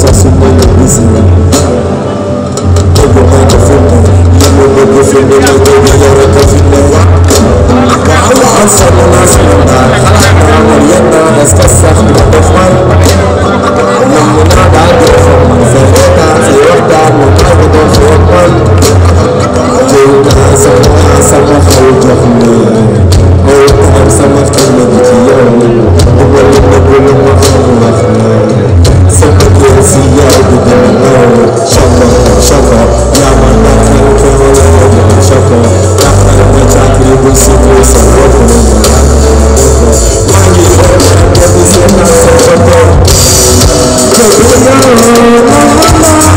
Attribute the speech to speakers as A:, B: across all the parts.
A: sasi ndenge bizinga togomaka funda yamodogo fende motoyayoraka finanga kaala ansanola sinanga aliyana eskasarna ofman namonada defama fereta fiorda motagodo fiokman jeuta sama sama haujarne outam samartamedikiyon Oh.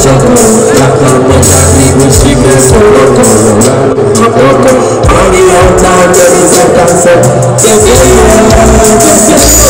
A: soko La cabeza vivo y sigue loco Loco Por mi otra que se cansó Que viene, que se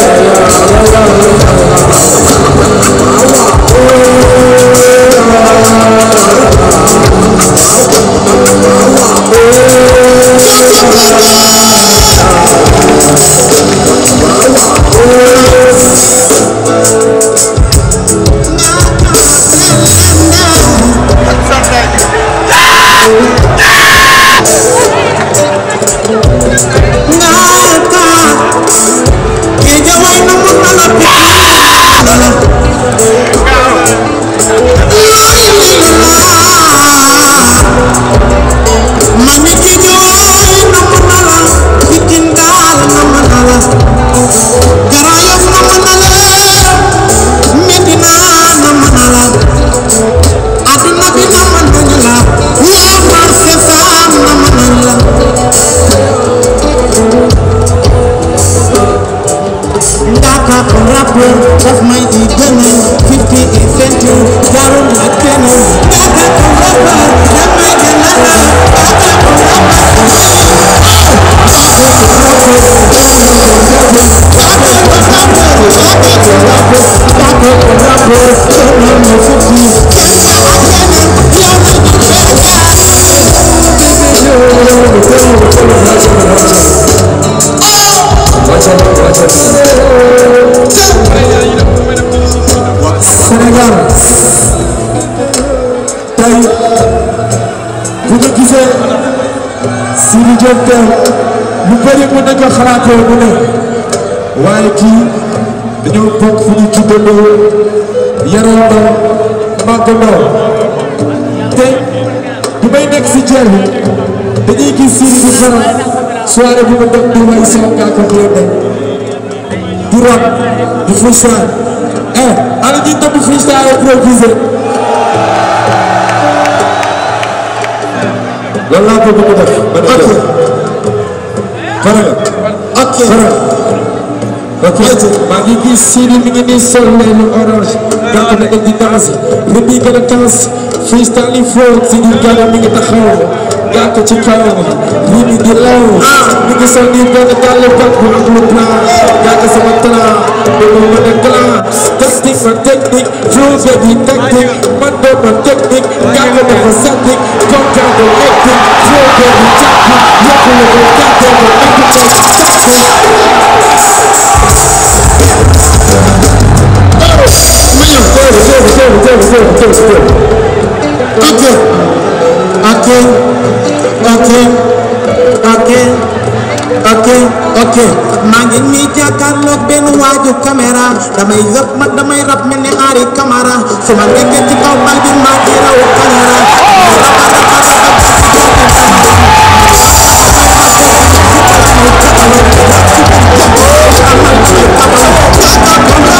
A: lu bëri mën nañ ko xalaatee mu ne waaye kii dañoo bokk fu ñu juddandoo yaroo ndaw màgg ndaw te bu may nekk si jeer dañuy gis si bu faral soirée bu ma dem di way Soxna Kaka Diop di rap di freestyle eh ala ñuy topp freestyle improvisé loolu laa bëgg mu def. ok faral ok faral maa ngi gis mi ngi nii sol lu orange. dàq na ko di danse li muy gën a danse freestyle si biir gàllam mi ngi taxaw dàq ci kawam lii di law mi ngi sol nii benn dàll bag bu am lu blanc dàq sama talent dama mën a glace technique ma technique flow ba di tactique man doo ma technique gàll dafa sadique kontaan ko hectique di tactique yokku la ko gàddee ko appétit still, still, still. Okay. Okay. Okay. Okay. Okay. Okay. maa ngi nii jàkkaarloog benn waaju caméra damay yëpp ma damay rab mel ne aari camara su ma nekkee ci kaw bal bi maa ngi raw oh, oh, oh,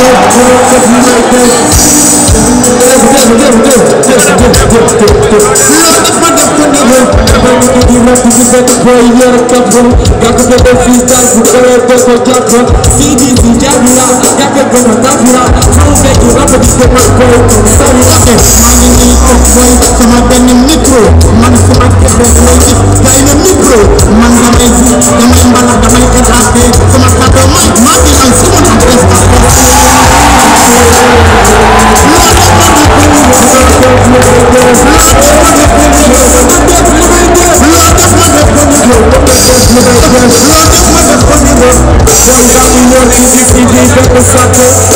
A: Mati ang sumunod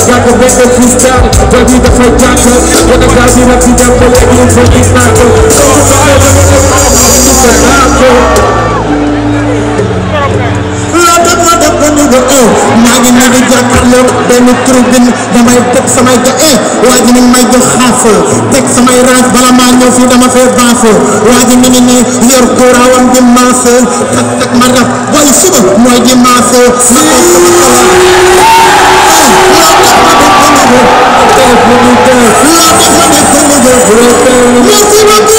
A: Jakobego Krista, Dawida Fajczaka Ona gardzi na widzę, polegnie, co nie znaczy To, co ale, to, to, to, to, to, to, to, to, to, to, to, to, to, to, to, ga eh maa ngi nar a jàkkaarloo benn tribune eh waa ji ni may jox xaaf teg samay raaj bala maa ñëw fii dama fee tak tak ma rab waaye suba mooy di maase ma ko sama xalaat. Loo tax ma ne ko liggéey.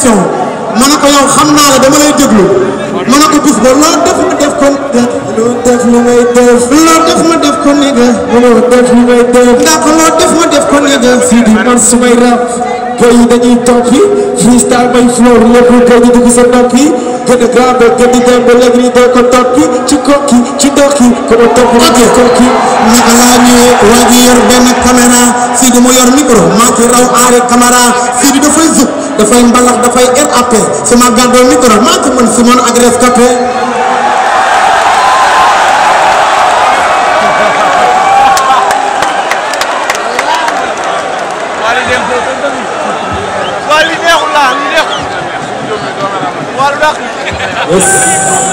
A: question ma ne ko yow xam naa la dama lay déglu ma ne ko gis ba loo def ma def ko loo def lu may def loo def ma def ko ni nga loo def lu may def ndax loo def ma def ko ni nga sii di man su boy yi dañuy toog fi freestyle bay floor lépp lu koy dugg sa nopp yi di dem ba léegi nii doo ko topp ci kokki ci ndokki ko ma topp ni ci kokki naka laa ñëwee waa ji yor benn caméra Sidi moo yor micro maa ci raw aare caméra Sidi dafay zub dafay mbalax dafay rap su ma gàddoo micro maa ci mën Simon ak rescapé Eu...